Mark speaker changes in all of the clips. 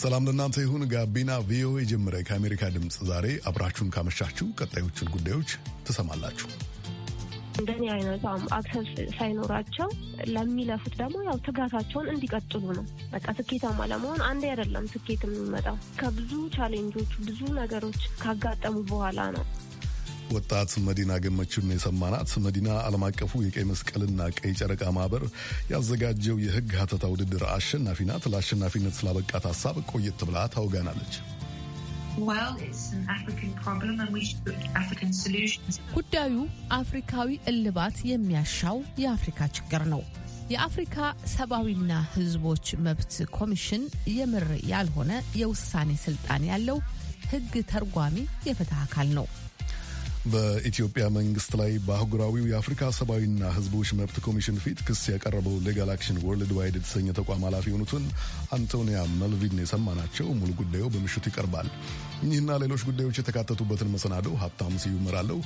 Speaker 1: ሰላም ለእናንተ ይሁን። ጋቢና ቪኦኤ ጀምረ ከአሜሪካ ድምፅ ዛሬ አብራችሁን ካመሻችሁ ቀጣዮቹን ጉዳዮች ትሰማላችሁ።
Speaker 2: እንደኔ አይነቷም አክሰስ ሳይኖራቸው ለሚለፉት ደግሞ ያው ትጋታቸውን እንዲቀጥሉ ነው። በቃ ስኬታማ ለመሆን አንዴ አይደለም ስኬት የሚመጣው ከብዙ ቻሌንጆች ብዙ ነገሮች ካጋጠሙ በኋላ ነው።
Speaker 1: ወጣት መዲና ገመችን የሰማናት መዲና ዓለም አቀፉ የቀይ መስቀልና ቀይ ጨረቃ ማህበር ያዘጋጀው የህግ ሀተታ ውድድር አሸናፊ ናት። ለአሸናፊነት ስላበቃት ሀሳብ ቆየት ብላ ታውጋናለች።
Speaker 3: ጉዳዩ አፍሪካዊ እልባት የሚያሻው የአፍሪካ ችግር ነው። የአፍሪካ ሰብአዊና ህዝቦች መብት ኮሚሽን የምር ያልሆነ የውሳኔ ስልጣን ያለው ህግ ተርጓሚ የፍትህ አካል ነው።
Speaker 1: በኢትዮጵያ መንግስት ላይ በአህጉራዊው የአፍሪካ ሰብአዊና ህዝቦች መብት ኮሚሽን ፊት ክስ ያቀረበው ሌጋል አክሽን ወርልድ ዋይድ የተሰኘ ተቋም ኃላፊ የሆኑትን አንቶኒያ መልቪን የሰማናቸው ሙሉ ጉዳዩ በምሽቱ ይቀርባል። እኚህና ሌሎች ጉዳዮች የተካተቱበትን መሰናደው ሀብታም ስዩም እመራለሁ።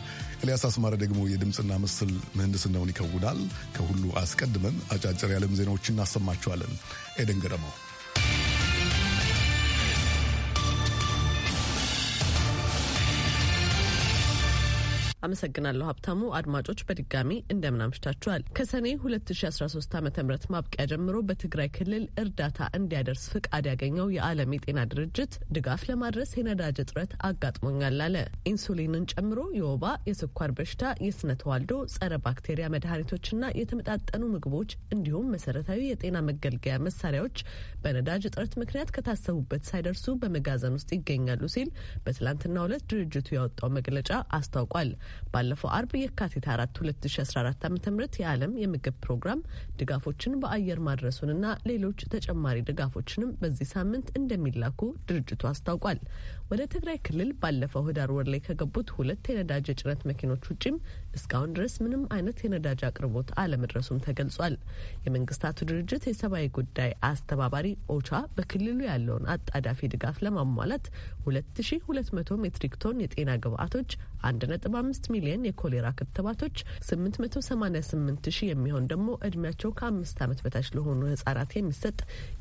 Speaker 1: ኤልያስ አስማረ ደግሞ የድምፅና ምስል ምህንድስናውን ይከውናል። ከሁሉ አስቀድመን አጫጭር የዓለም ዜናዎች እናሰማቸዋለን። ኤደን ገረመው
Speaker 4: አመሰግናለሁ ሀብታሙ። አድማጮች በድጋሚ እንደምን አምሽታችኋል። ከሰኔ 2013 ዓ ም ማብቂያ ጀምሮ በትግራይ ክልል እርዳታ እንዲያደርስ ፍቃድ ያገኘው የዓለም የጤና ድርጅት ድጋፍ ለማድረስ የነዳጅ እጥረት አጋጥሞኛል አለ። ኢንሱሊንን ጨምሮ የወባ፣ የስኳር በሽታ፣ የስነ ተዋልዶ፣ ጸረ ባክቴሪያ መድኃኒቶችና የተመጣጠኑ ምግቦች እንዲሁም መሰረታዊ የጤና መገልገያ መሳሪያዎች በነዳጅ እጥረት ምክንያት ከታሰቡበት ሳይደርሱ በመጋዘን ውስጥ ይገኛሉ ሲል በትላንትናው ዕለት ድርጅቱ ያወጣው መግለጫ አስታውቋል። ባለፈው አርብ የካቲት 4 2014 ዓ ም የዓለም የምግብ ፕሮግራም ድጋፎችን በአየር ማድረሱንና ሌሎች ተጨማሪ ድጋፎችንም በዚህ ሳምንት እንደሚላኩ ድርጅቱ አስታውቋል። ወደ ትግራይ ክልል ባለፈው ህዳር ወር ላይ ከገቡት ሁለት የነዳጅ የጭነት መኪኖች ውጪም እስካሁን ድረስ ምንም አይነት የነዳጅ አቅርቦት አለመድረሱም ተገልጿል። የመንግስታቱ ድርጅት የሰብአዊ ጉዳይ አስተባባሪ ኦቻ በክልሉ ያለውን አጣዳፊ ድጋፍ ለማሟላት 2200 ሜትሪክ ቶን የጤና ግብአቶች፣ 1.5 ሚሊዮን የኮሌራ ክትባቶች፣ 888 ሺህ የሚሆን ደግሞ እድሜያቸው ከአምስት ዓመት በታች ለሆኑ ህጻናት የሚሰጥ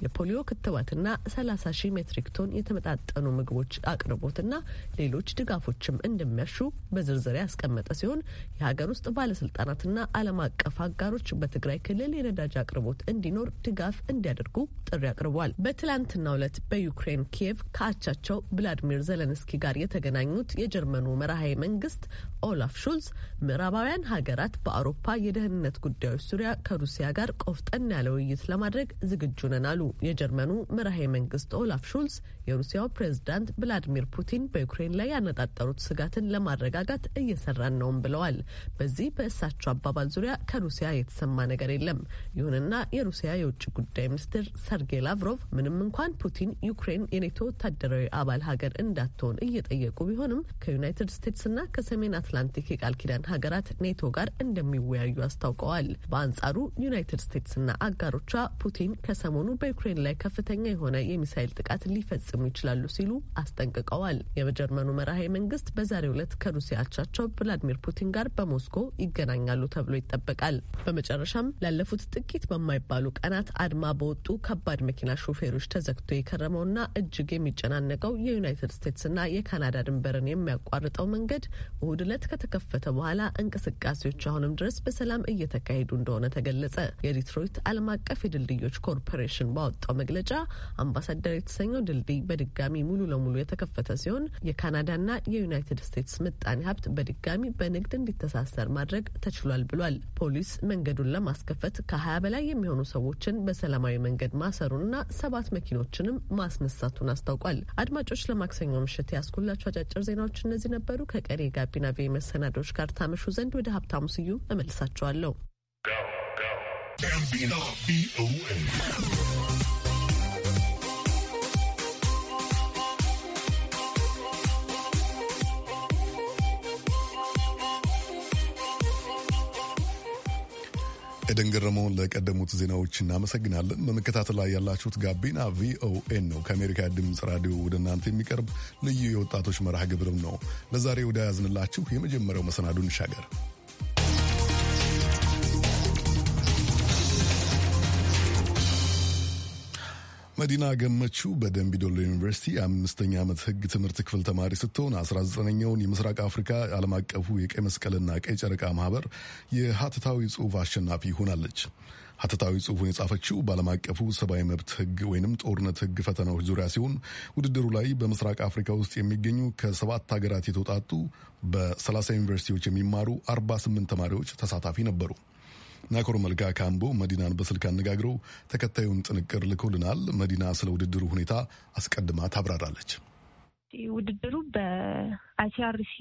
Speaker 4: የፖሊዮ ክትባትና 30 ሺህ ሜትሪክ ቶን የተመጣጠኑ ምግቦች አቅርቦትና ሌሎች ድጋፎችም እንደሚያሹ በዝርዝር ያስቀመጠ ሲሆን የሀገር ውስጥ ባለስልጣናትና ዓለም አቀፍ አጋሮች በትግራይ ክልል የነዳጅ አቅርቦት እንዲኖር ድጋፍ እንዲያደርጉ ጥሪ አቅርቧል። በትላንትናው ዕለት በዩክሬን ኪየቭ ከአቻቸው ብላድሚር ዘለንስኪ ጋር የተገናኙት የጀርመኑ መራሄ መንግስት ኦላፍ ሹልስ ምዕራባውያን ሀገራት በአውሮፓ የደህንነት ጉዳዮች ዙሪያ ከሩሲያ ጋር ቆፍጠን ያለ ውይይት ለማድረግ ዝግጁ ነን አሉ። የጀርመኑ መራሄ መንግስት ኦላፍ ሹልስ የሩሲያው ፕሬዝዳንት ቭላዲሚር ፑቲን በዩክሬን ላይ ያነጣጠሩት ስጋትን ለማረጋጋት እየሰራን ነውም ብለዋል። በዚህ በእሳቸው አባባል ዙሪያ ከሩሲያ የተሰማ ነገር የለም። ይሁንና የሩሲያ የውጭ ጉዳይ ሚኒስትር ሰርጌይ ላቭሮቭ ምንም እንኳን ፑቲን ዩክሬን የኔቶ ወታደራዊ አባል ሀገር እንዳትሆን እየጠየቁ ቢሆንም ከዩናይትድ ስቴትስና ከሰሜን አትላንቲክ የቃል ኪዳን ሀገራት ኔቶ ጋር እንደሚወያዩ አስታውቀዋል። በአንጻሩ ዩናይትድ ስቴትስና አጋሮቿ ፑቲን ከሰሞኑ በዩክሬን ላይ ከፍተኛ የሆነ የሚሳይል ጥቃት ሊፈጽሙ ይችላሉ ሲሉ አስጠንቅቀዋል። የጀርመኑ መራሄ መንግስት በዛሬው ዕለት ከሩሲያ አቻቸው ቭላዲሚር ፑቲን ጋር በሞስኮ ይገናኛሉ ተብሎ ይጠበቃል። በመጨረሻም ላለፉት ጥቂት በማይባሉ ቀናት አድማ በወጡ ከባድ መኪና ሾፌሮች ተዘግቶ የከረመውና እጅግ የሚጨናነቀው የዩናይትድ ስቴትስና የካናዳ ድንበርን የሚያቋርጠው መንገድ እሁድ ዕለት ጦርነት ከተከፈተ በኋላ እንቅስቃሴዎች አሁንም ድረስ በሰላም እየተካሄዱ እንደሆነ ተገለጸ። የዲትሮይት ዓለም አቀፍ የድልድዮች ኮርፖሬሽን ባወጣው መግለጫ አምባሳደር የተሰኘው ድልድይ በድጋሚ ሙሉ ለሙሉ የተከፈተ ሲሆን የካናዳና የዩናይትድ ስቴትስ ምጣኔ ሀብት በድጋሚ በንግድ እንዲተሳሰር ማድረግ ተችሏል ብሏል። ፖሊስ መንገዱን ለማስከፈት ከሀያ በላይ የሚሆኑ ሰዎችን በሰላማዊ መንገድ ማሰሩንና ሰባት መኪኖችንም ማስነሳቱን አስታውቋል። አድማጮች ለማክሰኞ ምሽት ያስኩላቸው አጫጭር ዜናዎች እነዚህ ነበሩ። ከቀሪ ጋቢና ቪ መሰናዶች ጋር ታመሹ ዘንድ ወደ ሀብታሙ ስዩም እመልሳቸዋለሁ።
Speaker 1: ኤደን ገረመውን ለቀደሙት ዜናዎች እናመሰግናለን። በመከታተል ላይ ያላችሁት ጋቢና ቪኦኤን ነው። ከአሜሪካ ድምፅ ራዲዮ ወደ እናንተ የሚቀርብ ልዩ የወጣቶች መርሃ ግብርም ነው። ለዛሬ ወደ ያዝንላችሁ የመጀመሪያው መሰናዱ እንሻገር። መዲና ገመቹ ዶሎ ዩኒቨርሲቲ የአምስተኛ ዓመት ህግ ትምህርት ክፍል ተማሪ ስትሆን 19ኛውን የምስራቅ አፍሪካ ዓለም አቀፉ የቀይ መስቀልና ቀይ ጨረቃ ማህበር የሀተታዊ ጽሁፍ አሸናፊ ሆናለች። ሀተታዊ ጽሁፉን የጻፈችው በዓለም አቀፉ ሰብአዊ መብት ህግ ወይንም ጦርነት ህግ ፈተናዎች ዙሪያ ሲሆን ውድድሩ ላይ በምስራቅ አፍሪካ ውስጥ የሚገኙ ከሰባት ሀገራት የተውጣጡ በ30 ዩኒቨርሲቲዎች የሚማሩ 48 ተማሪዎች ተሳታፊ ነበሩ። ናኮር መልካ ካምቦ መዲናን በስልክ አነጋግረው ተከታዩን ጥንቅር ልኮልናል። መዲና ስለ ውድድሩ ሁኔታ አስቀድማ ታብራራለች።
Speaker 2: ውድድሩ
Speaker 5: በአይሲአርሲ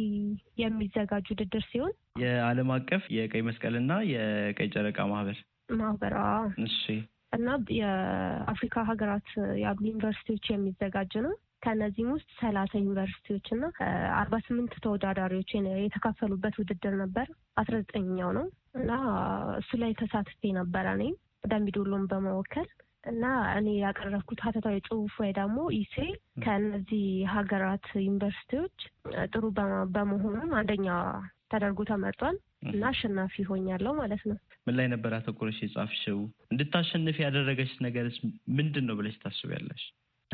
Speaker 2: የሚዘጋጅ ውድድር ሲሆን
Speaker 1: የዓለም አቀፍ የቀይ
Speaker 5: መስቀልና የቀይ ጨረቃ ማህበር ማህበር እሺ እና የአፍሪካ
Speaker 2: ሀገራት ያሉ ዩኒቨርሲቲዎች የሚዘጋጅ ነው። ከእነዚህም ውስጥ ሰላሳ ዩኒቨርሲቲዎች እና አርባ ስምንት ተወዳዳሪዎች የተካፈሉበት ውድድር ነበር። አስራ ዘጠኝኛው ነው እና እሱ ላይ ተሳትፌ ነበረ እኔም ደምቢዶሎን በመወከል እና እኔ ያቀረብኩት ሀተታዊ ጽሁፍ ወይ ደግሞ ኢሴ ከእነዚህ ሀገራት ዩኒቨርሲቲዎች ጥሩ በመሆኑም አንደኛ ተደርጎ ተመርጧል እና አሸናፊ ሆኛለሁ ማለት ነው።
Speaker 5: ምን ላይ ነበር አተኮረሽ የጻፍሽው? እንድታሸንፍ ያደረገች ነገርስ ምንድን ነው ብለሽ ታስቢያለሽ?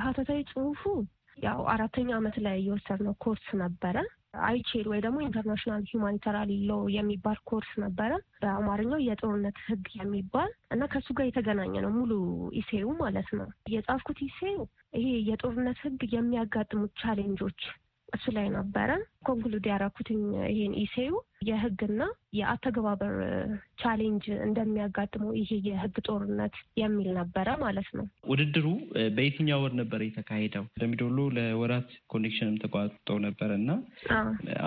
Speaker 2: ሀተታዊ ጽሁፉ ያው አራተኛ አመት ላይ የወሰድነው ኮርስ ነበረ። አይቼል ወይ ደግሞ ኢንተርናሽናል ሂውማኒታሪ ሎ የሚባል ኮርስ ነበረ። በአማርኛው የጦርነት ህግ የሚባል እና ከሱ ጋር የተገናኘ ነው ሙሉ ኢሴው ማለት ነው። የጻፍኩት ኢሴው ይሄ የጦርነት ህግ የሚያጋጥሙት ቻሌንጆች እሱ ላይ ነበረ ኮንክሉድ ያደረኩትኝ ይሄን ኢሴዩ የህግና የአተገባበር ቻሌንጅ እንደሚያጋጥመው ይሄ የህግ ጦርነት የሚል ነበረ ማለት ነው።
Speaker 5: ውድድሩ በየትኛው ወር ነበር የተካሄደው? ደምቢዶሎ ለወራት ኮኔክሽንም ተቋጥጦ ነበረ እና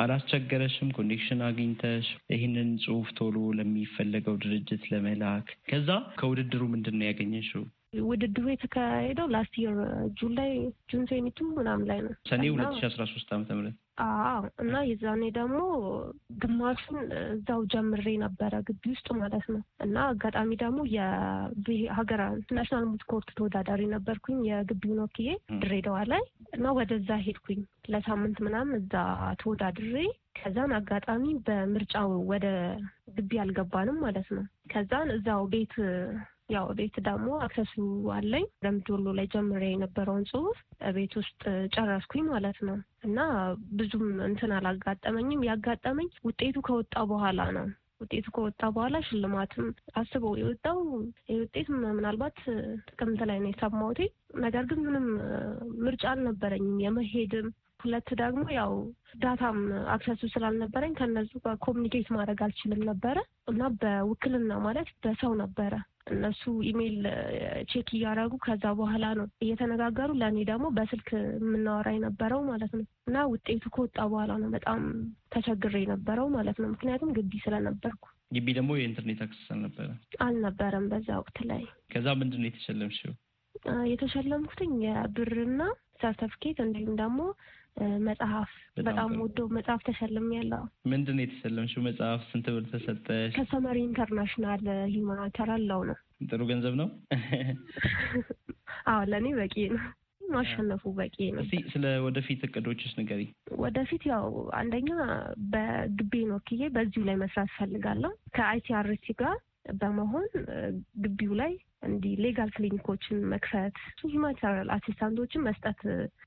Speaker 5: አላስቸገረሽም? ኮኔክሽን አግኝተሽ ይህንን ጽሁፍ ቶሎ ለሚፈለገው ድርጅት ለመላክ ከዛ ከውድድሩ ምንድን ነው ያገኘሽው?
Speaker 2: ውድድሩ የተካሄደው ላስት የር ጁን ላይ ጁን ሴሚቱ ምናም ላይ ነው ሰኔ ሁለት ሺ
Speaker 5: አስራ ሶስት አመተ ምህረት
Speaker 2: እና የዛኔ ደግሞ ግማሹን እዛው ጀምሬ ነበረ ግቢ ውስጥ ማለት ነው። እና አጋጣሚ ደግሞ የሀገር ናሽናል ሙዚክ ኮርት ተወዳዳሪ ነበርኩኝ የግቢውን ወክዬ ድሬዳዋ ላይ እና ወደዛ ሄድኩኝ ለሳምንት ምናምን እዛ ተወዳድሬ ከዛን አጋጣሚ በምርጫው ወደ ግቢ አልገባንም ማለት ነው። ከዛን እዛው ቤት ያው ቤት ደግሞ አክሰሱ አለኝ ሁሉ ላይ ጀምሬ የነበረውን ጽሁፍ ቤት ውስጥ ጨረስኩኝ ማለት ነው እና ብዙም እንትን አላጋጠመኝም። ያጋጠመኝ ውጤቱ ከወጣ በኋላ ነው። ውጤቱ ከወጣ በኋላ ሽልማትም አስበው የወጣው ይህ ውጤት ምናልባት ጥቅምት ላይ ነው የሰማሁት። ነገር ግን ምንም ምርጫ አልነበረኝም የመሄድም ሁለት ደግሞ ያው ዳታም አክሰሱ ስላልነበረኝ ከነሱ ጋር ኮሚኒኬት ማድረግ አልችልም ነበረ እና በውክልና ማለት በሰው ነበረ እነሱ ኢሜይል ቼክ እያደረጉ ከዛ በኋላ ነው እየተነጋገሩ ለእኔ ደግሞ በስልክ የምናወራ የነበረው ማለት ነው። እና ውጤቱ ከወጣ በኋላ ነው በጣም ተቸግሬ የነበረው ማለት ነው። ምክንያቱም ግቢ ስለነበርኩ
Speaker 5: ግቢ ደግሞ የኢንተርኔት አክሰስ አልነበረ
Speaker 2: አልነበረም በዛ ወቅት ላይ።
Speaker 5: ከዛ ምንድን ነው የተሸለምሽው?
Speaker 2: የተሸለምኩትኝ የብርና ሰርተፍኬት እንዲሁም ደግሞ መጽሐፍ በጣም ወዶ መጽሐፍ ተሸልም ያለው
Speaker 5: ምንድን ነው የተሸለምሽው መጽሐፍ? ስንት ብር ተሰጠሽ?
Speaker 2: ከሰመሪ ኢንተርናሽናል ሂውማኒታሪያን ላው ነው። ጥሩ ገንዘብ ነው። አዎ ለእኔ በቂ ነው። ማሸነፉ በቂ ነው። እስቲ
Speaker 5: ስለ ወደፊት እቅዶችስ ንገሪ።
Speaker 2: ወደፊት ያው አንደኛ በግቤን ወክዬ በዚሁ ላይ መስራት እፈልጋለሁ ከአይሲአርሲ ጋር በመሆን ግቢው ላይ እንዲህ ሌጋል ክሊኒኮችን መክፈት፣ ሁማኒታሪያን አሲስታንቶችን መስጠት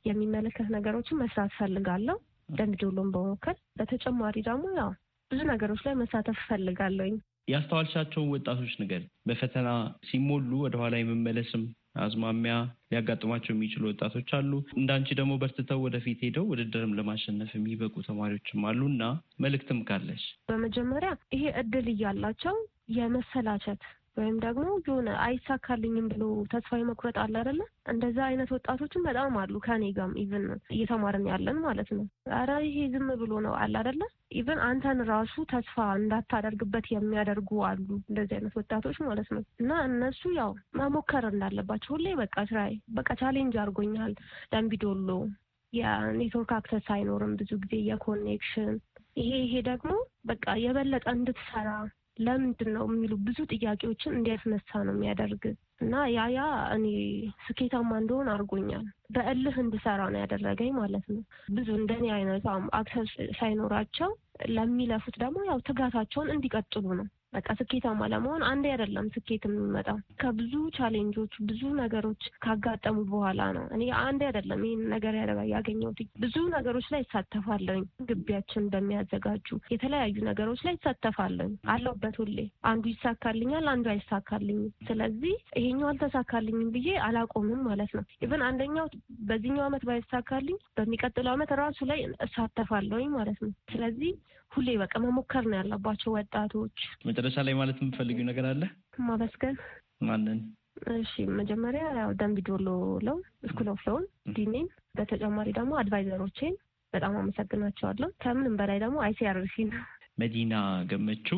Speaker 2: የሚመለከት ነገሮችን መስራት ፈልጋለሁ ደምቢዶሎን በመወከል በተጨማሪ ደግሞ ያው ብዙ ነገሮች ላይ መሳተፍ ፈልጋለኝ።
Speaker 5: ያስተዋልሻቸውን ወጣቶች ነገር በፈተና ሲሞሉ ወደኋላ የመመለስም አዝማሚያ ሊያጋጥሟቸው የሚችሉ ወጣቶች አሉ። እንዳንቺ ደግሞ በርትተው ወደፊት ሄደው ውድድርም ለማሸነፍ የሚበቁ ተማሪዎችም አሉ እና መልእክትም ካለሽ
Speaker 2: በመጀመሪያ ይሄ እድል እያላቸው የመሰላቸት ወይም ደግሞ የሆነ አይሳካልኝም ብሎ ተስፋ መቁረጥ አለ አይደለ? እንደዛ አይነት ወጣቶችም በጣም አሉ። ከኔ ጋም ኢቨን እየተማርን ያለን ማለት ነው። አረ ይሄ ዝም ብሎ ነው አለ አይደለ? ኢቨን አንተን ራሱ ተስፋ እንዳታደርግበት የሚያደርጉ አሉ፣ እንደዚህ አይነት ወጣቶች ማለት ነው። እና እነሱ ያው መሞከር እንዳለባቸው ሁሌ በቃ ስራዬ በቃ ቻሌንጅ አድርጎኛል። ደንቢዶሎ የኔትወርክ አክሰስ አይኖርም ብዙ ጊዜ የኮኔክሽን ይሄ ይሄ ደግሞ በቃ የበለጠ እንድትሰራ ለምንድን ነው የሚሉ ብዙ ጥያቄዎችን እንዲያስነሳ ነው የሚያደርግ እና ያ ያ እኔ ስኬታማ እንደሆን አድርጎኛል። በእልህ እንድሰራ ነው ያደረገኝ ማለት ነው። ብዙ እንደኔ አይነት አክሰስ ሳይኖራቸው ለሚለፉት ደግሞ ያው ትጋታቸውን እንዲቀጥሉ ነው በቃ ስኬታማ ለመሆን አንዴ አይደለም ስኬት የሚመጣው ከብዙ ቻሌንጆች ብዙ ነገሮች ካጋጠሙ በኋላ ነው። እኔ አንዴ አይደለም ይህን ነገር ያገኘሁት። ብዙ ነገሮች ላይ ይሳተፋለኝ። ግቢያችን በሚያዘጋጁ የተለያዩ ነገሮች ላይ ይሳተፋለኝ አለውበት ሁሌ አንዱ ይሳካልኛል፣ አንዱ አይሳካልኝም። ስለዚህ ይሄኛው አልተሳካልኝም ብዬ አላቆምም ማለት ነው። ኢቨን አንደኛው በዚህኛው አመት ባይሳካልኝ በሚቀጥለው አመት ራሱ ላይ እሳተፋለኝ ማለት ነው። ስለዚህ ሁሌ በቃ መሞከር ነው ያለባቸው ወጣቶች
Speaker 5: መጨረሻ ላይ ማለት የምፈልጊው ነገር አለ? ማመስገን ማንን?
Speaker 2: እሺ መጀመሪያ ያው ደንቢ ዶሎ ለው ስኩል ኦፍ ሎውን ዲኔን፣ በተጨማሪ ደግሞ አድቫይዘሮቼን በጣም አመሰግናቸዋለሁ። ከምንም በላይ ደግሞ አይሲአርሲን።
Speaker 5: መዲና ገመቹ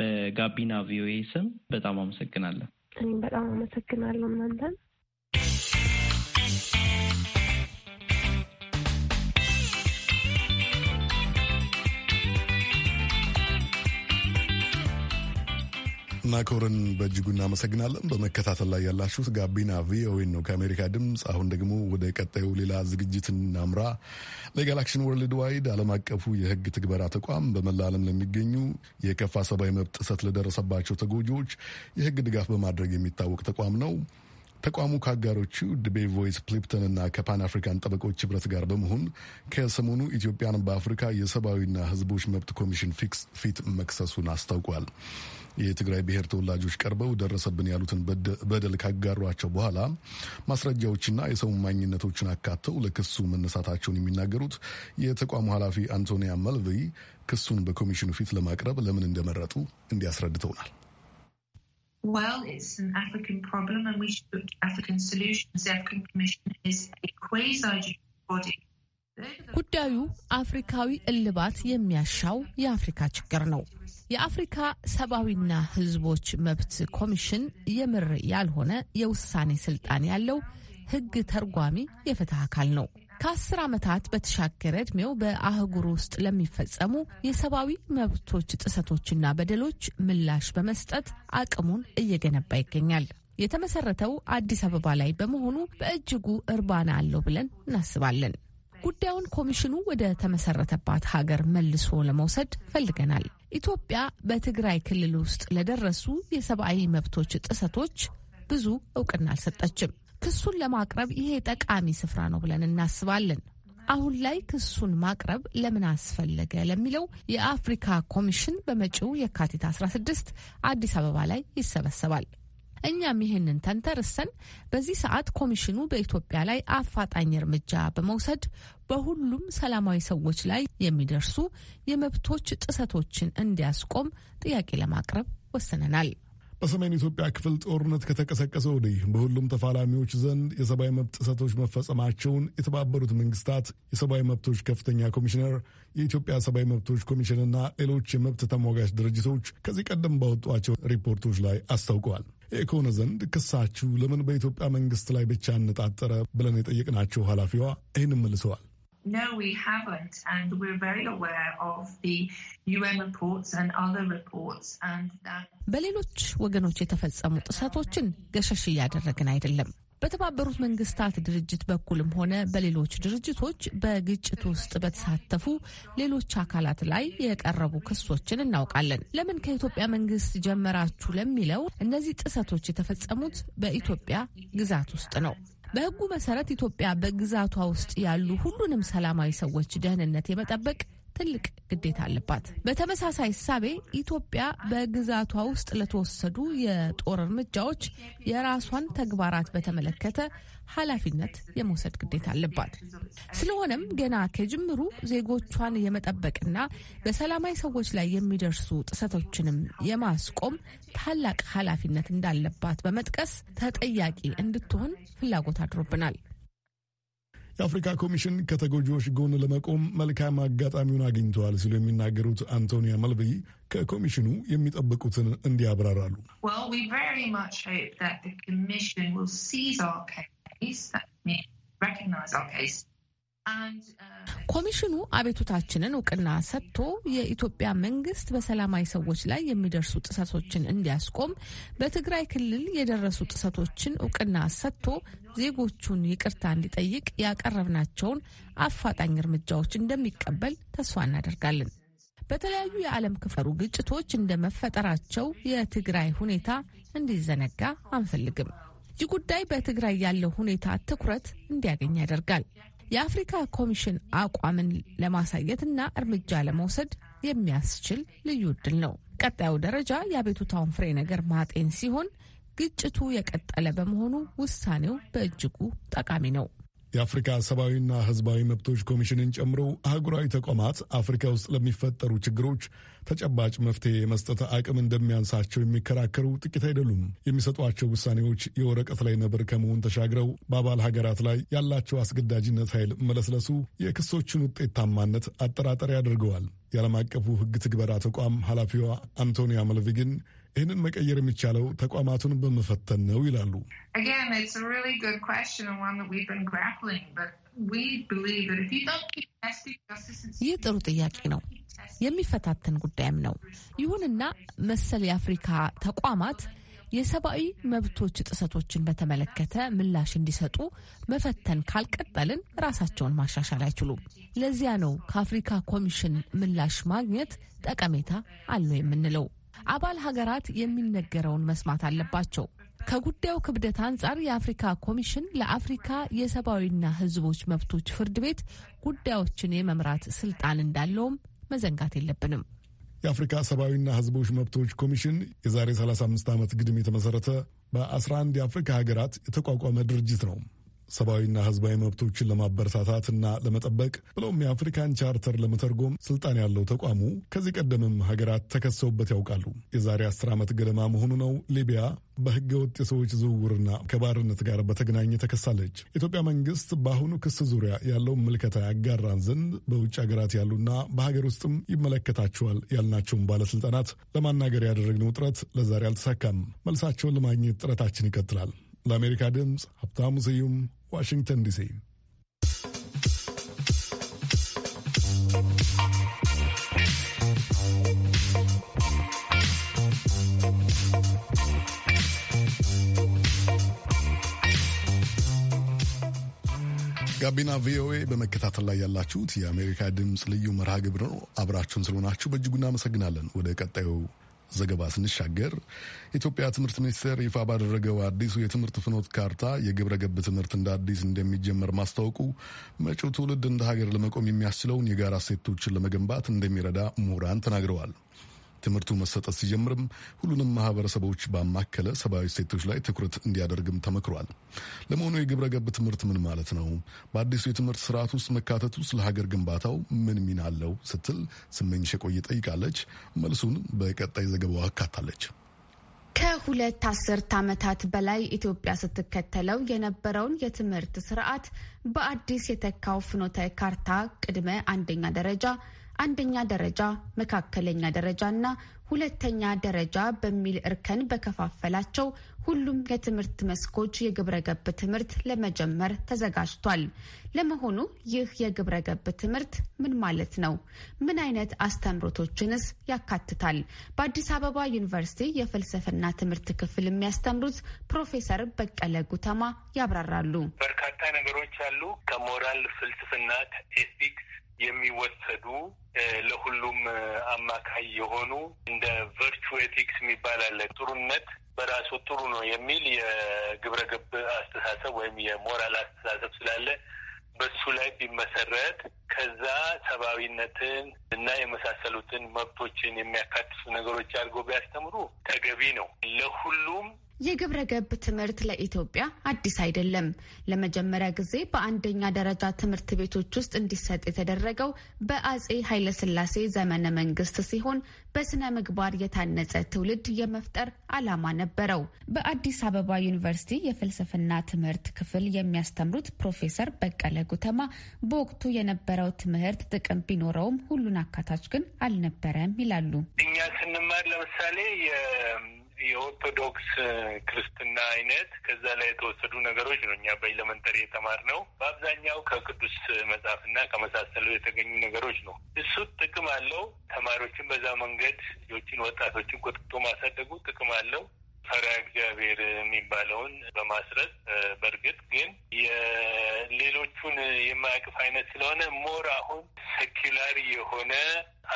Speaker 5: በጋቢና ቪኦኤ ስም በጣም አመሰግናለሁ።
Speaker 2: እኔም በጣም አመሰግናለሁ እናንተን
Speaker 1: ናኮርን በእጅጉ እናመሰግናለን። በመከታተል ላይ ያላችሁት ጋቢና ቪኦኤን ነው ከአሜሪካ ድምፅ። አሁን ደግሞ ወደ ቀጣዩ ሌላ ዝግጅት እናምራ። ሌጋል አክሽን ወርልድ ዋይድ ዓለም አቀፉ የህግ ትግበራ ተቋም በመላ ዓለም ለሚገኙ የከፋ ሰብአዊ መብት ጥሰት ለደረሰባቸው ተጎጂዎች የህግ ድጋፍ በማድረግ የሚታወቅ ተቋም ነው። ተቋሙ ከአጋሮቹ ድቤ ቮይስ ክሊፕተንና ከፓን አፍሪካን ጠበቆች ህብረት ጋር በመሆን ከሰሞኑ ኢትዮጵያን በአፍሪካ የሰብአዊና ህዝቦች መብት ኮሚሽን ፊክስ ፊት መክሰሱን አስታውቋል። የትግራይ ብሔር ተወላጆች ቀርበው ደረሰብን ያሉትን በደል ካጋሯቸው በኋላ ማስረጃዎችና የሰው ማኝነቶችን አካተው ለክሱ መነሳታቸውን የሚናገሩት የተቋሙ ኃላፊ አንቶኒያ መልቬይ ክሱን በኮሚሽኑ ፊት ለማቅረብ ለምን እንደመረጡ እንዲያስረድተውናል።
Speaker 3: Well, it's an African problem and we should look to African solutions. The African Commission is a quasi judicial body. ጉዳዩ አፍሪካዊ እልባት የሚያሻው የአፍሪካ ችግር ነው። የአፍሪካ ሰብአዊና ሕዝቦች መብት ኮሚሽን የምር ያልሆነ የውሳኔ ስልጣን ያለው ሕግ ተርጓሚ የፍትህ አካል ነው። ከአስር ዓመታት በተሻገረ እድሜው በአህጉር ውስጥ ለሚፈጸሙ የሰብአዊ መብቶች ጥሰቶችና በደሎች ምላሽ በመስጠት አቅሙን እየገነባ ይገኛል። የተመሰረተው አዲስ አበባ ላይ በመሆኑ በእጅጉ እርባና አለው ብለን እናስባለን። ጉዳዩን ኮሚሽኑ ወደ ተመሰረተባት ሀገር መልሶ ለመውሰድ ፈልገናል። ኢትዮጵያ በትግራይ ክልል ውስጥ ለደረሱ የሰብአዊ መብቶች ጥሰቶች ብዙ እውቅና አልሰጠችም። ክሱን ለማቅረብ ይሄ ጠቃሚ ስፍራ ነው ብለን እናስባለን። አሁን ላይ ክሱን ማቅረብ ለምን አስፈለገ ለሚለው የአፍሪካ ኮሚሽን በመጪው የካቲት 16 አዲስ አበባ ላይ ይሰበሰባል። እኛም ይህንን ተንተርሰን በዚህ ሰዓት ኮሚሽኑ በኢትዮጵያ ላይ አፋጣኝ እርምጃ በመውሰድ በሁሉም ሰላማዊ ሰዎች ላይ የሚደርሱ የመብቶች ጥሰቶችን እንዲያስቆም ጥያቄ ለማቅረብ ወስነናል።
Speaker 1: በሰሜን ኢትዮጵያ ክፍል ጦርነት ከተቀሰቀሰ ወዲህ በሁሉም ተፋላሚዎች ዘንድ የሰብአዊ መብት ጥሰቶች መፈጸማቸውን የተባበሩት መንግስታት የሰብአዊ መብቶች ከፍተኛ ኮሚሽነር፣ የኢትዮጵያ ሰብአዊ መብቶች ኮሚሽንና ሌሎች የመብት ተሟጋች ድርጅቶች ከዚህ ቀደም ባወጧቸው ሪፖርቶች ላይ አስታውቀዋል። ይህ ከሆነ ዘንድ ክሳችሁ ለምን በኢትዮጵያ መንግስት ላይ ብቻ አነጣጠረ ብለን የጠየቅናቸው ኃላፊዋ ይህን መልሰዋል።
Speaker 3: No, we haven't. And we're very aware of the UN reports and other reports and that. በሌሎች ወገኖች የተፈጸሙ ጥሰቶችን ገሸሽ እያደረግን አይደለም። በተባበሩት መንግስታት ድርጅት በኩልም ሆነ በሌሎች ድርጅቶች በግጭት ውስጥ በተሳተፉ ሌሎች አካላት ላይ የቀረቡ ክሶችን እናውቃለን። ለምን ከኢትዮጵያ መንግስት ጀመራችሁ ለሚለው እነዚህ ጥሰቶች የተፈጸሙት በኢትዮጵያ ግዛት ውስጥ ነው። በህጉ መሰረት ኢትዮጵያ በግዛቷ ውስጥ ያሉ ሁሉንም ሰላማዊ ሰዎች ደህንነት የመጠበቅ ትልቅ ግዴታ አለባት። በተመሳሳይ እሳቤ ኢትዮጵያ በግዛቷ ውስጥ ለተወሰዱ የጦር እርምጃዎች የራሷን ተግባራት በተመለከተ ኃላፊነት የመውሰድ ግዴታ አለባት። ስለሆነም ገና ከጅምሩ ዜጎቿን የመጠበቅና በሰላማዊ ሰዎች ላይ የሚደርሱ ጥሰቶችንም የማስቆም ታላቅ ኃላፊነት እንዳለባት በመጥቀስ ተጠያቂ እንድትሆን ፍላጎት አድሮብናል።
Speaker 1: የአፍሪካ ኮሚሽን ከተጎጂዎች ጎን ለመቆም መልካም አጋጣሚውን አግኝተዋል ሲሉ የሚናገሩት አንቶኒያ መልበይ ከኮሚሽኑ የሚጠብቁትን እንዲያብራራሉ።
Speaker 3: uh, ኮሚሽኑ አቤቱታችንን እውቅና ሰጥቶ የኢትዮጵያ መንግስት በሰላማዊ ሰዎች ላይ የሚደርሱ ጥሰቶችን እንዲያስቆም፣ በትግራይ ክልል የደረሱ ጥሰቶችን እውቅና ሰጥቶ ዜጎቹን ይቅርታ እንዲጠይቅ ያቀረብናቸውን አፋጣኝ እርምጃዎች እንደሚቀበል ተስፋ እናደርጋለን። በተለያዩ የዓለም ክፈሩ ግጭቶች እንደ መፈጠራቸው የትግራይ ሁኔታ እንዲዘነጋ አንፈልግም። ይህ ጉዳይ በትግራይ ያለው ሁኔታ ትኩረት እንዲያገኝ ያደርጋል። የአፍሪካ ኮሚሽን አቋምን ለማሳየትና እርምጃ ለመውሰድ የሚያስችል ልዩ እድል ነው። ቀጣዩ ደረጃ የአቤቱታውን ፍሬ ነገር ማጤን ሲሆን ግጭቱ የቀጠለ በመሆኑ ውሳኔው በእጅጉ ጠቃሚ ነው።
Speaker 1: የአፍሪካ ሰብአዊና ሕዝባዊ መብቶች ኮሚሽንን ጨምሮ አህጉራዊ ተቋማት አፍሪካ ውስጥ ለሚፈጠሩ ችግሮች ተጨባጭ መፍትሄ የመስጠት አቅም እንደሚያንሳቸው የሚከራከሩ ጥቂት አይደሉም። የሚሰጧቸው ውሳኔዎች የወረቀት ላይ ነበር ከመሆን ተሻግረው በአባል ሀገራት ላይ ያላቸው አስገዳጅነት ኃይል መለስለሱ የክሶችን ውጤታማነት አጠራጣሪ አድርገዋል። የዓለም አቀፉ ሕግ ትግበራ ተቋም ኃላፊዋ አንቶኒያ መልቪግን ይህንን መቀየር የሚቻለው ተቋማቱን በመፈተን ነው ይላሉ።
Speaker 3: ይህ ጥሩ ጥያቄ ነው፣ የሚፈታተን ጉዳይም ነው። ይሁንና መሰል የአፍሪካ ተቋማት የሰብአዊ መብቶች ጥሰቶችን በተመለከተ ምላሽ እንዲሰጡ መፈተን ካልቀጠልን ራሳቸውን ማሻሻል አይችሉም። ለዚያ ነው ከአፍሪካ ኮሚሽን ምላሽ ማግኘት ጠቀሜታ አለው የምንለው። አባል ሀገራት የሚነገረውን መስማት አለባቸው። ከጉዳዩ ክብደት አንጻር የአፍሪካ ኮሚሽን ለአፍሪካ የሰብአዊና ሕዝቦች መብቶች ፍርድ ቤት ጉዳዮችን የመምራት ስልጣን እንዳለውም መዘንጋት የለብንም።
Speaker 1: የአፍሪካ ሰብአዊና ሕዝቦች መብቶች ኮሚሽን የዛሬ 35 ዓመት ግድም የተመሠረተ በ11 የአፍሪካ ሀገራት የተቋቋመ ድርጅት ነው። ሰብአዊና ህዝባዊ መብቶችን ለማበረታታትና ለመጠበቅ ብሎም የአፍሪካን ቻርተር ለመተርጎም ስልጣን ያለው ተቋሙ ከዚህ ቀደምም ሀገራት ተከሰውበት ያውቃሉ። የዛሬ አስር ዓመት ገደማ መሆኑ ነው። ሊቢያ በህገወጥ ወጥ የሰዎች ዝውውርና ከባርነት ጋር በተገናኘ ተከሳለች። የኢትዮጵያ መንግስት በአሁኑ ክስ ዙሪያ ያለውን ምልከታ ያጋራን ዘንድ በውጭ ሀገራት ያሉና በሀገር ውስጥም ይመለከታቸዋል ያልናቸውን ባለስልጣናት ለማናገር ያደረግነው ጥረት ለዛሬ አልተሳካም። መልሳቸውን ለማግኘት ጥረታችን ይቀጥላል። ለአሜሪካ ድምፅ ሀብታሙ ስዩም ዋሽንግተን ዲሲ። ጋቢና ቪኦኤ በመከታተል ላይ ያላችሁት የአሜሪካ ድምፅ ልዩ መርሃ ግብር ነው። አብራችሁን ስለሆናችሁ በእጅጉ እናመሰግናለን። ወደ ቀጣዩ ዘገባ ስንሻገር ኢትዮጵያ ትምህርት ሚኒስቴር ይፋ ባደረገው አዲሱ የትምህርት ፍኖት ካርታ የግብረ ገብ ትምህርት እንደ አዲስ እንደሚጀመር ማስታወቁ መጪው ትውልድ እንደ ሀገር ለመቆም የሚያስችለውን የጋራ ሴቶችን ለመገንባት እንደሚረዳ ምሁራን ተናግረዋል። ትምህርቱ መሰጠት ሲጀምርም ሁሉንም ማህበረሰቦች ባማከለ ሰብአዊ ሴቶች ላይ ትኩረት እንዲያደርግም ተመክሯል። ለመሆኑ የግብረ ገብ ትምህርት ምን ማለት ነው? በአዲሱ የትምህርት ስርዓት ውስጥ መካተቱ ስለ ግንባታው ምን ሚና አለው? ስትል ስመኝሽ ቆይ ጠይቃለች። መልሱን በቀጣይ ዘገባዋ አካታለች።
Speaker 6: ከሁለት አስርት ዓመታት በላይ ኢትዮጵያ ስትከተለው የነበረውን የትምህርት ስርዓት በአዲስ የተካው ፍኖተ ካርታ ቅድመ አንደኛ ደረጃ አንደኛ ደረጃ፣ መካከለኛ ደረጃ እና ሁለተኛ ደረጃ በሚል እርከን በከፋፈላቸው ሁሉም የትምህርት መስኮች የግብረ ገብ ትምህርት ለመጀመር ተዘጋጅቷል። ለመሆኑ ይህ የግብረ ገብ ትምህርት ምን ማለት ነው? ምን አይነት አስተምሮቶችንስ ያካትታል? በአዲስ አበባ ዩኒቨርሲቲ የፍልስፍና ትምህርት ክፍል የሚያስተምሩት ፕሮፌሰር በቀለ ጉተማ ያብራራሉ።
Speaker 7: በርካታ ነገሮች አሉ። ከሞራል ፍልስፍና፣
Speaker 1: ከኤቲክስ የሚወሰዱ ለሁሉም አማካይ
Speaker 7: የሆኑ እንደ ቨርቹ ኤቲክስ የሚባል አለ። ጥሩነት በራሱ ጥሩ ነው የሚል የግብረ ገብ አስተሳሰብ ወይም የሞራል አስተሳሰብ ስላለ በሱ ላይ ቢመሰረት ከዛ ሰብአዊነትን እና የመሳሰሉትን መብቶችን የሚያካትቱ ነገሮች አድርጎ ቢያስተምሩ ተገቢ ነው። ለሁሉም
Speaker 6: የግብረ ገብ ትምህርት ለኢትዮጵያ አዲስ አይደለም። ለመጀመሪያ ጊዜ በአንደኛ ደረጃ ትምህርት ቤቶች ውስጥ እንዲሰጥ የተደረገው በአጼ ኃይለስላሴ ዘመነ መንግስት ሲሆን በስነ ምግባር የታነጸ ትውልድ የመፍጠር ዓላማ ነበረው። በአዲስ አበባ ዩኒቨርሲቲ የፍልስፍና ትምህርት ክፍል የሚያስተምሩት ፕሮፌሰር በቀለ ጉተማ በወቅቱ የነበረው ትምህርት ጥቅም ቢኖረውም ሁሉን አካታች ግን አልነበረም ይላሉ።
Speaker 8: እኛ ስንማር
Speaker 6: ለምሳሌ
Speaker 7: የኦርቶዶክስ ክርስትና አይነት ከዛ ላይ የተወሰዱ ነገሮች ነው። እኛ በኢለመንተሪ የተማርነው በአብዛኛው ከቅዱስ መጽሐፍና ከመሳሰሉ የተገኙ ነገሮች ነው። እሱ ጥቅም አለው። ተማሪዎችን በዛ መንገድ ልጆችን፣ ወጣቶችን ቆጥቶ ማሳደጉ ጥቅም አለው። ፈሪሃ እግዚአብሔር የሚባለውን በማስረት በእርግጥ ግን የሌሎቹን የማያቅፍ አይነት ስለሆነ ሞር አሁን ሴኪላሪ የሆነ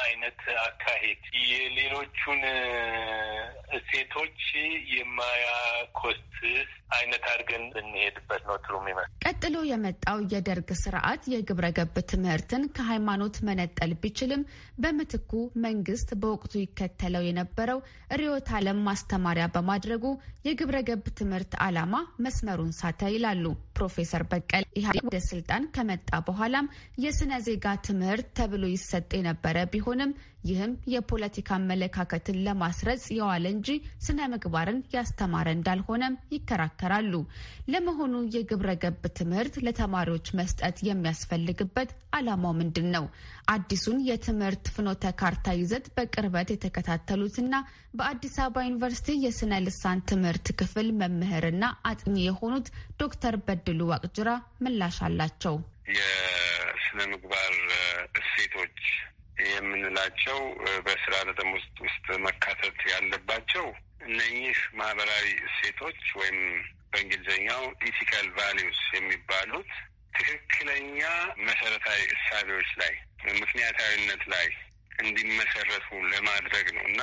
Speaker 7: አይነት አካሄድ የሌሎቹን እሴቶች የማያኮስስ አይነት አድርገን እንሄድበት ነው ትሩ
Speaker 8: የሚመስል።
Speaker 6: ቀጥሎ የመጣው የደርግ ስርዓት የግብረ ገብ ትምህርትን ከሃይማኖት መነጠል ቢችልም በምትኩ መንግስት በወቅቱ ይከተለው የነበረው ርዕዮተ ዓለም ማስተማሪያ በማድረጉ የግብረ ገብ ትምህርት ዓላማ መስመሩን ሳተ ይላሉ ፕሮፌሰር በቀል ኢህአዴግ ወደ ስልጣን ከመጣ በኋላም የስነ ዜጋ ትምህርት ተብሎ ይሰጥ የነበረ ቢሆን ቢሆንም ይህም የፖለቲካ አመለካከትን ለማስረጽ የዋለ እንጂ ስነ ምግባርን ያስተማረ እንዳልሆነም ይከራከራሉ። ለመሆኑ የግብረ ገብ ትምህርት ለተማሪዎች መስጠት የሚያስፈልግበት ዓላማው ምንድን ነው? አዲሱን የትምህርት ፍኖተ ካርታ ይዘት በቅርበት የተከታተሉትና በአዲስ አበባ ዩኒቨርሲቲ የስነ ልሳን ትምህርት ክፍል መምህርና አጥኚ የሆኑት ዶክተር በድሉ ዋቅጅራ ምላሽ አላቸው።
Speaker 8: የስነ ምግባር እሴቶች የምንላቸው በስራ ውስጥ ውስጥ መካተት ያለባቸው እነኚህ ማህበራዊ እሴቶች ወይም በእንግሊዝኛው ኢቲካል ቫሊዩስ የሚባሉት ትክክለኛ መሰረታዊ እሳቤዎች ላይ ምክንያታዊነት ላይ እንዲመሰረቱ ለማድረግ ነው እና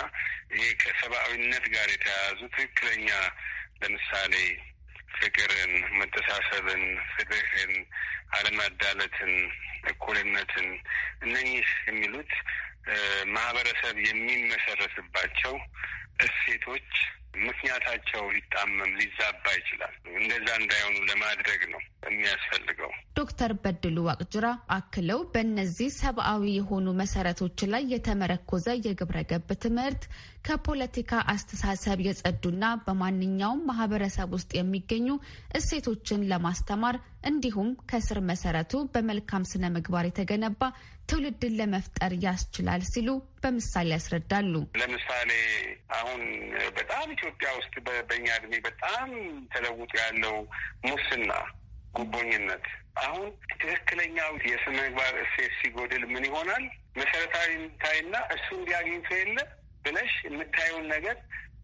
Speaker 8: ይሄ ከሰብአዊነት ጋር የተያያዙ ትክክለኛ ለምሳሌ ፍቅርን፣ መተሳሰብን፣ ፍትህን፣ አለማዳለትን፣ እኩልነትን እነኚህ የሚሉት ማህበረሰብ የሚመሰረትባቸው እሴቶች ምክንያታቸው ሊጣመም ሊዛባ ይችላል። እንደዛ እንዳይሆኑ ለማድረግ ነው
Speaker 6: የሚያስፈልገው። ዶክተር በድሉ ዋቅጅራ አክለው በእነዚህ ሰብአዊ የሆኑ መሰረቶች ላይ የተመረኮዘ የግብረ ገብ ትምህርት ከፖለቲካ አስተሳሰብ የጸዱና በማንኛውም ማህበረሰብ ውስጥ የሚገኙ እሴቶችን ለማስተማር እንዲሁም ከስር መሰረቱ በመልካም ስነ ምግባር የተገነባ ትውልድን ለመፍጠር ያስችላል ሲሉ በምሳሌ ያስረዳሉ።
Speaker 8: ለምሳሌ አሁን በጣም ኢትዮጵያ ውስጥ በኛ እድሜ በጣም ተለውጦ ያለው ሙስና፣ ጉቦኝነት አሁን ትክክለኛው የስነ ምግባር እሴት ሲጎድል ምን ይሆናል? መሰረታዊ ምታይና እሱ እንዲያግኝቶ የለ ብለሽ የምታየውን ነገር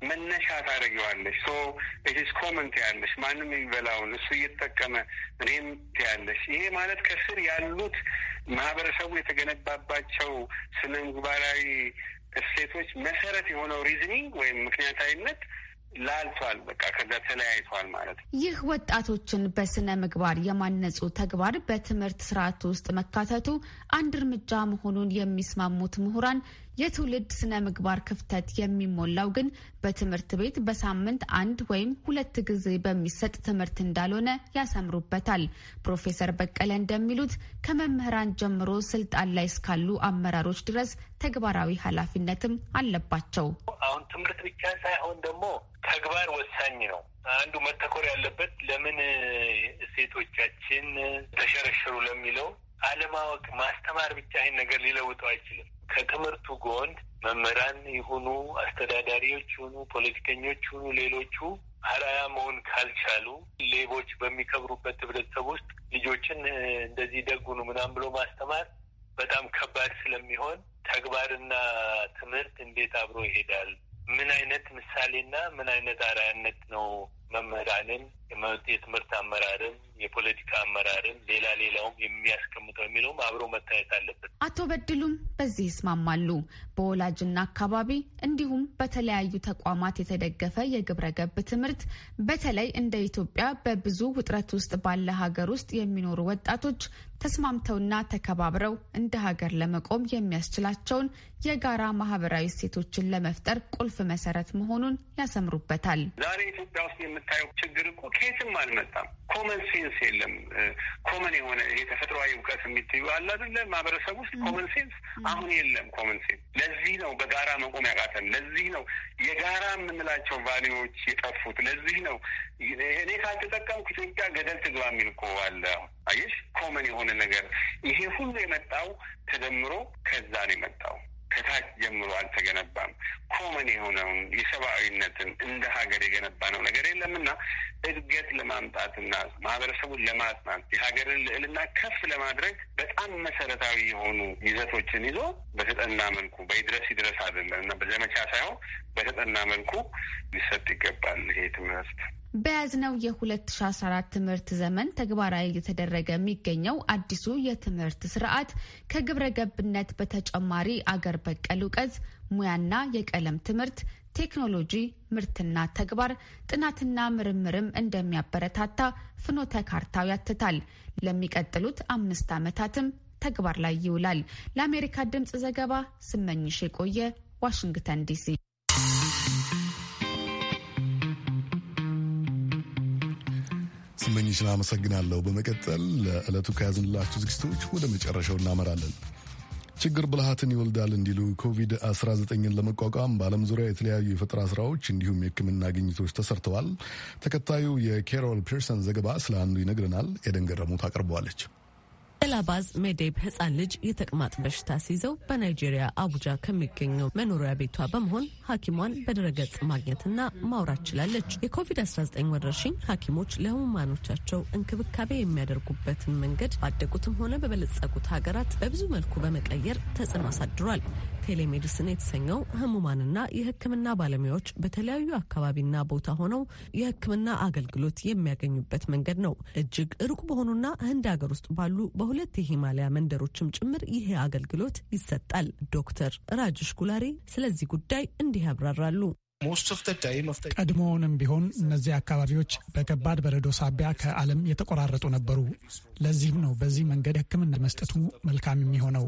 Speaker 8: መነሻ ታደርጊዋለሽ። ሶ ኢትስ ኮመን ትያለሽ፣ ማንም የሚበላውን እሱ እየተጠቀመ እኔም ትያለሽ። ይሄ ማለት ከስር ያሉት ማህበረሰቡ የተገነባባቸው ስነ ምግባራዊ እሴቶች መሰረት የሆነው ሪዝኒንግ ወይም ምክንያታዊነት ላልቷል። በቃ ከዛ ተለያይቷል ማለት ነው።
Speaker 6: ይህ ወጣቶችን በስነ ምግባር የማነጹ ተግባር በትምህርት ስርዓት ውስጥ መካተቱ አንድ እርምጃ መሆኑን የሚስማሙት ምሁራን የትውልድ ስነ ምግባር ክፍተት የሚሞላው ግን በትምህርት ቤት በሳምንት አንድ ወይም ሁለት ጊዜ በሚሰጥ ትምህርት እንዳልሆነ ያሰምሩበታል። ፕሮፌሰር በቀለ እንደሚሉት ከመምህራን ጀምሮ ስልጣን ላይ እስካሉ አመራሮች ድረስ ተግባራዊ ኃላፊነትም አለባቸው።
Speaker 7: አሁን ትምህርት ብቻ ሳይሆን ደግሞ ተግባር ወሳኝ ነው። አንዱ መተኮር ያለበት ለምን እሴቶቻችን ተሸረሸሩ ለሚለው አለማወቅ ማስተማር ብቻ ይህን ነገር ሊለውጠው አይችልም። ከትምህርቱ ጎን መምህራን ይሁኑ አስተዳዳሪዎች ይሁኑ ፖለቲከኞች ይሁኑ ሌሎቹ አርአያ መሆን ካልቻሉ ሌቦች በሚከብሩበት ህብረተሰብ ውስጥ ልጆችን እንደዚህ ደጉኑ ምናምን ብሎ ማስተማር በጣም ከባድ ስለሚሆን ተግባርና ትምህርት እንዴት አብሮ ይሄዳል? ምን አይነት ምሳሌና ምን አይነት አርአያነት ነው መምህራንን የትምህርት አመራርም የፖለቲካ አመራርም ሌላ ሌላውም የሚያስቀምጠው የሚለውም አብሮ መታየት አለበት።
Speaker 6: አቶ በድሉም በዚህ ይስማማሉ። በወላጅና አካባቢ እንዲሁም በተለያዩ ተቋማት የተደገፈ የግብረ ገብ ትምህርት በተለይ እንደ ኢትዮጵያ በብዙ ውጥረት ውስጥ ባለ ሀገር ውስጥ የሚኖሩ ወጣቶች ተስማምተውና ተከባብረው እንደ ሀገር ለመቆም የሚያስችላቸውን የጋራ ማህበራዊ እሴቶችን ለመፍጠር ቁልፍ መሰረት መሆኑን ያሰምሩበታል።
Speaker 8: ዛሬ ኢትዮጵያ ውስጥ የምታየው ችግር እኮ ከየትም አልመጣም። ኮመን ሴንስ የለም። ኮመን የሆነ ይሄ ተፈጥሯዊ እውቀት የሚትዩ አለ አይደለ? ማህበረሰብ ውስጥ ኮመን ሴንስ አሁን የለም። ኮመን ሴንስ ለዚህ ነው በጋራ መቆም ያቃተን። ለዚህ ነው የጋራ የምንላቸው ቫሊዎች የጠፉት። ለዚህ ነው እኔ ካልተጠቀምኩ ኢትዮጵያ ገደል ትግባ የሚል እኮ አለ። አየሽ፣ ኮመን የሆነ ነገር ይሄ ሁሉ የመጣው ተደምሮ ከዛ ነው የመጣው። ከታች ጀምሮ አልተገነባም። ኮመን የሆነውን የሰብአዊነትን እንደ ሀገር የገነባ ነው ነገር የለም እድገት ለማምጣትና ማህበረሰቡን ለማጽናት የሀገርን ልዕልና ከፍ ለማድረግ በጣም መሰረታዊ የሆኑ ይዘቶችን ይዞ በተጠና መልኩ በይድረስ ይድረስ አይደለም እና በዘመቻ ሳይሆን በተጠና መልኩ ሊሰጥ ይገባል ይሄ ትምህርት።
Speaker 6: በያዝነው የ2014 ትምህርት ዘመን ተግባራዊ እየተደረገ የሚገኘው አዲሱ የትምህርት ስርዓት ከግብረ ገብነት በተጨማሪ አገር በቀል እውቀት፣ ሙያና የቀለም ትምህርት፣ ቴክኖሎጂ፣ ምርትና ተግባር፣ ጥናትና ምርምርም እንደሚያበረታታ ፍኖተ ካርታው ያትታል። ለሚቀጥሉት አምስት ዓመታትም ተግባር ላይ ይውላል። ለአሜሪካ ድምፅ ዘገባ ስመኝሽ የቆየ ዋሽንግተን ዲሲ።
Speaker 1: ስመኝሽን አመሰግናለሁ። በመቀጠል ለዕለቱ ከያዝንላችሁ ዝግጅቶች ወደ መጨረሻው እናመራለን። ችግር ብልሃትን ይወልዳል እንዲሉ ኮቪድ-19ን ለመቋቋም በዓለም ዙሪያ የተለያዩ የፈጠራ ስራዎች እንዲሁም የሕክምና ግኝቶች ተሰርተዋል። ተከታዩ የኬሮል ፒርሰን ዘገባ ስለ አንዱ ይነግረናል። የደንገረሙት አቅርበዋለች።
Speaker 4: ሻባዝ ሜዴብ ህፃን ልጅ የተቅማጥ በሽታ ሲይዘው በናይጄሪያ አቡጃ ከሚገኘው መኖሪያ ቤቷ በመሆን ሐኪሟን በድረገጽ ማግኘትና ማውራት ችላለች። የኮቪድ-19 ወረርሽኝ ሐኪሞች ለህሙማኖቻቸው እንክብካቤ የሚያደርጉበትን መንገድ ባደጉትም ሆነ በበለጸጉት ሀገራት በብዙ መልኩ በመቀየር ተጽዕኖ አሳድሯል። ቴሌሜዲስን የተሰኘው ህሙማንና የህክምና ባለሙያዎች በተለያዩ አካባቢና ቦታ ሆነው የህክምና አገልግሎት የሚያገኙበት መንገድ ነው። እጅግ ሩቅ በሆኑና ህንድ ሀገር ውስጥ ባሉ በሁለት የሂማሊያ መንደሮችም ጭምር ይሄ አገልግሎት ይሰጣል። ዶክተር ራጅሽ ጉላሪ ስለዚህ ጉዳይ እንዲህ ያብራራሉ።
Speaker 6: ቀድሞውንም ቢሆን እነዚህ አካባቢዎች በከባድ በረዶ ሳቢያ ከዓለም የተቆራረጡ ነበሩ። ለዚህም ነው በዚህ መንገድ ህክምና መስጠቱ መልካም የሚሆነው።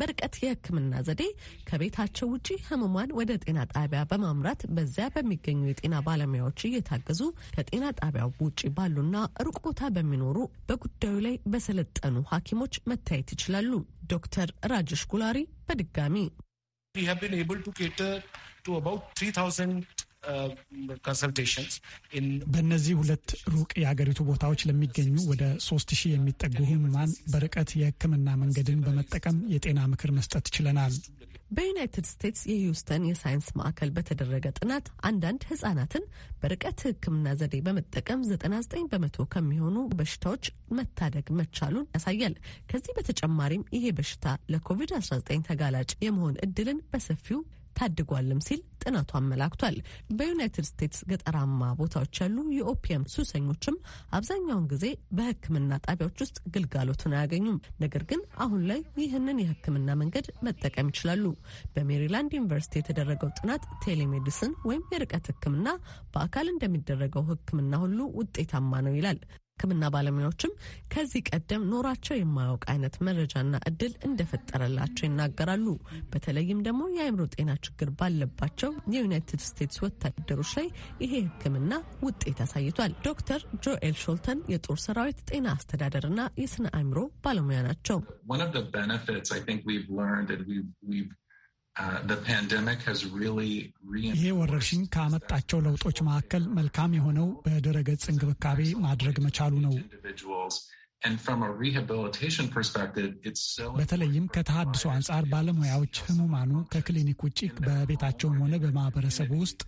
Speaker 6: በርቀት
Speaker 4: የሕክምና ዘዴ ከቤታቸው ውጪ ህሙማን ወደ ጤና ጣቢያ በማምራት በዚያ በሚገኙ የጤና ባለሙያዎች እየታገዙ ከጤና ጣቢያው ውጪ ባሉና ሩቅ ቦታ በሚኖሩ በጉዳዩ ላይ በሰለጠኑ ሐኪሞች መታየት ይችላሉ። ዶክተር ራጀሽ ጉላሪ
Speaker 6: በድጋሚ Uh, በእነዚህ ሁለት ሩቅ የሀገሪቱ ቦታዎች ለሚገኙ ወደ ሶስት ሺህ የሚጠጉ ህሙማን በርቀት የህክምና መንገድን በመጠቀም የጤና ምክር መስጠት ችለናል።
Speaker 4: በዩናይትድ ስቴትስ የሂውስተን የሳይንስ ማዕከል በተደረገ ጥናት አንዳንድ ህጻናትን በርቀት ህክምና ዘዴ በመጠቀም 99 በመቶ ከሚሆኑ በሽታዎች መታደግ መቻሉን ያሳያል። ከዚህ በተጨማሪም ይሄ በሽታ ለኮቪድ-19 ተጋላጭ የመሆን እድልን በሰፊው ታድጓልም ሲል ጥናቱ አመላክቷል። በዩናይትድ ስቴትስ ገጠራማ ቦታዎች ያሉ የኦፒየም ሱሰኞችም አብዛኛውን ጊዜ በሕክምና ጣቢያዎች ውስጥ ግልጋሎትን አያገኙም። ነገር ግን አሁን ላይ ይህንን የሕክምና መንገድ መጠቀም ይችላሉ። በሜሪላንድ ዩኒቨርሲቲ የተደረገው ጥናት ቴሌሜዲስን ወይም የርቀት ሕክምና በአካል እንደሚደረገው ሕክምና ሁሉ ውጤታማ ነው ይላል። የሕክምና ባለሙያዎችም ከዚህ ቀደም ኖራቸው የማያውቅ አይነት መረጃና እድል እንደፈጠረላቸው ይናገራሉ። በተለይም ደግሞ የአእምሮ ጤና ችግር ባለባቸው የዩናይትድ ስቴትስ ወታደሮች ላይ ይሄ ሕክምና ውጤት አሳይቷል። ዶክተር ጆኤል ሾልተን የጦር ሰራዊት ጤና አስተዳደርና የስነ አእምሮ ባለሙያ ናቸው። Uh, ይህ
Speaker 6: ወረርሽኝ ካመጣቸው ለውጦች መካከል መልካም የሆነው በድረገጽ እንክብካቤ ማድረግ መቻሉ ነው። በተለይም ከተሃድሶ አንጻር ባለሙያዎች ህሙማኑ ከክሊኒክ ውጭ በቤታቸውም ሆነ በማህበረሰቡ ውስጥ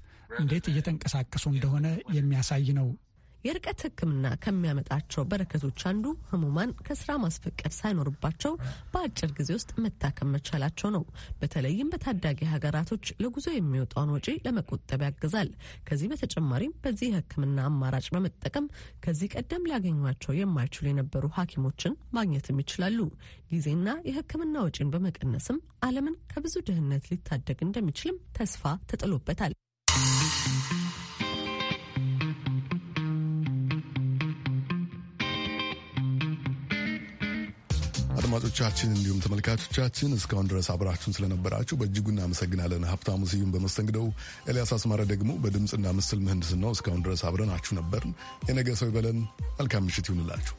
Speaker 6: እንዴት
Speaker 4: እየተንቀሳቀሱ እንደሆነ የሚያሳይ ነው። የርቀት ሕክምና ከሚያመጣቸው በረከቶች አንዱ ህሙማን ከስራ ማስፈቀድ ሳይኖርባቸው በአጭር ጊዜ ውስጥ መታከም መቻላቸው ነው። በተለይም በታዳጊ ሀገራቶች ለጉዞ የሚወጣውን ወጪ ለመቆጠብ ያግዛል። ከዚህ በተጨማሪም በዚህ የሕክምና አማራጭ በመጠቀም ከዚህ ቀደም ሊያገኟቸው የማይችሉ የነበሩ ሐኪሞችን ማግኘትም ይችላሉ። ጊዜና የሕክምና ወጪን በመቀነስም ዓለምን ከብዙ ድህነት ሊታደግ እንደሚችልም ተስፋ ተጥሎበታል።
Speaker 1: አድማጮቻችን እንዲሁም ተመልካቾቻችን እስካሁን ድረስ አብራችሁን ስለነበራችሁ በእጅጉ እናመሰግናለን። ሀብታሙ ስዩም በመስተንግደው፣ ኤልያስ አስማረ ደግሞ በድምፅና ምስል ምህንድስናው እስካሁን ድረስ አብረናችሁ ነበርን። የነገ ሰው ይበለን። መልካም ምሽት ይሁንላችሁ።